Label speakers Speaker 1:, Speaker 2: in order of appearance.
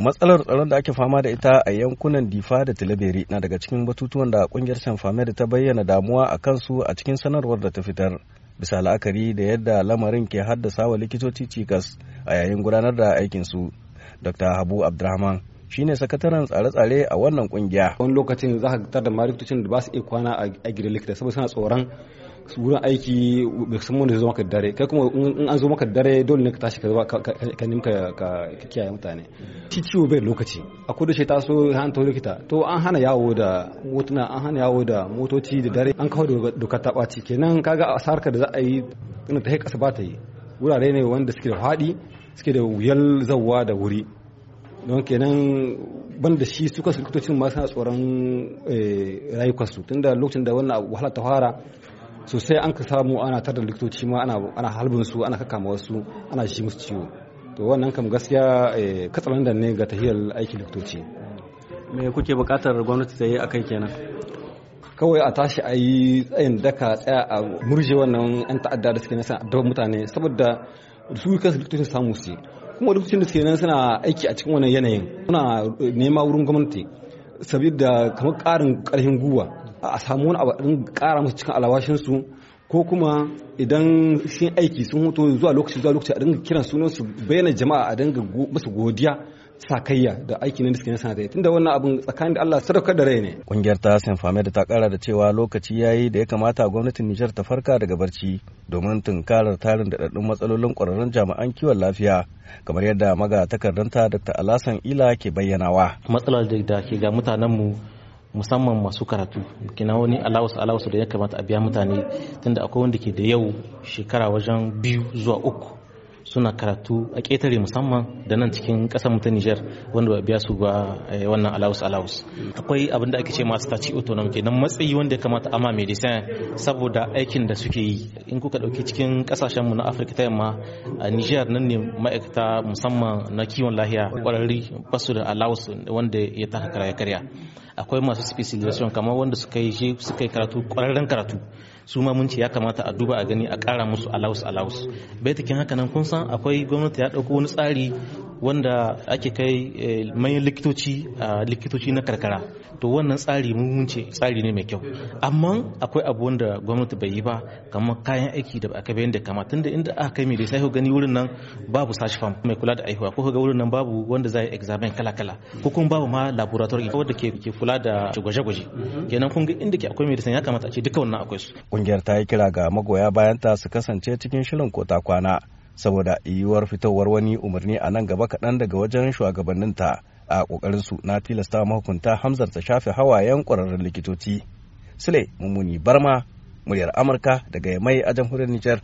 Speaker 1: matsalar tsaron da ake fama da ita a yankunan difa da tilaberi na daga cikin batutuwan da kungiyar sanfame da ta bayyana damuwa a kansu a cikin sanarwar da ta fitar bisa la'akari da yadda lamarin ke haddasa wa likitoci cikas a yayin gudanar da aikinsu dr habu abdurrahman ne sakataren tsare-tsare a wannan kungiya wani lokacin za ka tar da likitocin da ba
Speaker 2: su iya kwana a gidan likita saboda suna tsoron wurin aiki sun mun zo maka dare kai kuma in an zo maka dare dole ne ka tashi ka nemi ka kiyaye mutane shi ciwo bai lokaci a kudu shi taso han to likita to an hana yawo da motuna an hana yawo da motoci da dare an kawo doka ta ɓaci kenan kaga asarka da za a yi ina ta kasa ba ta yi wurare ne wanda suke da faɗi suke da wuyar zawwa da wuri don kenan ban da shi su kasu likitocin tsoron eh, rayukansu tunda lokacin da wannan wahala ta fara sosai an ka samu ana tar da likitoci ma ana halbin su ana kakama wasu ana shi musu ciwo to wannan kam gaskiya eh, katsalan da ne ga tahiyar aiki likitoci me kuke
Speaker 1: bukatar gwamnati ta yi a kai kenan
Speaker 2: kawai a tashi a yi tsayin daka tsaya a murje wannan yan ta'adda da suke nasa da mutane saboda su kansu likitocin samu su kuma likitocin da suke nan suna aiki a cikin wannan yanayin suna eh, nema wurin gwamnati saboda kamar karin karfin guwa a samu wani abu din kara masu cikin alawashin su ko kuma idan sun aiki sun hutu zuwa lokaci zuwa lokaci a dinga kiran sunan su bayyana jama'a a dinga masu godiya sa
Speaker 1: sakayya da aiki na diskin tun tunda wannan abin tsakanin da Allah sadaukar da rai ne kungiyar ta Sinfamed ta kara da cewa lokaci yayi da ya kamata gwamnatin Nijar ta farka daga barci domin tunkarar tarin daɗaɗɗun matsalolin ƙwararrun jami'an kiwon lafiya kamar yadda maga takardanta Dr. Alasan
Speaker 3: Ila ke bayyanawa matsalar da ke ga mutanen mu. musamman masu karatu kina wani allowance allowance da ya kamata a biya mutane tunda akwai wanda ke da yau shekara wajen biyu zuwa uku suna karatu a ƙetare musamman da nan cikin ƙasar ta Nijar wanda ba biya su ba eh, wannan alaus alaus akwai abin da ake ce masu taci autonom kenan matsayi wanda ya kamata ama medicine saboda aikin da suke yi in kuka ɗauki cikin ƙasashen mu na Afirka ta yamma a Nijar nan ne ma'aikata musamman na kiwon lahiya ƙwararri ba su da alaus wanda ya taka karya karya akwai masu specialization kamar wanda suka yi suka yi karatu ƙwararren karatu su ma mun ce ya kamata a duba a gani a ƙara musu alaus alaus bai takin haka nan kun san nan akwai gwamnati ya ɗauko wani tsari wanda ake kai eh, manyan likitoci a likitoci na karkara to wannan tsari mun ce tsari ne mai kyau amma akwai abu wanda gwamnati bai yi ba kamar kayan aiki da aka bayan da kama tunda inda aka kai mai sai gani wurin nan babu sash farm mai kula da aihuwa ko ga wurin nan babu wanda zai examine kala kala ko kuma babu ma laboratory wanda ke ke kula da gwaje gwaje kenan kun ga inda ke akwai mai ya kamata a ce duka wannan akwai su
Speaker 1: kungiyar ta yi kira ga magoya bayan ta su kasance cikin shirin kota kwana saboda yiwuwar fitowar wani umarni a nan gaba kaɗan daga wajen shugabanninta a su na tilasta mahukunta hamzar ta shafe hawayen ƙwararren likitoci. Sule Mummuni Barma, muryar Amurka daga Yamai a jamhuriyar Nijar.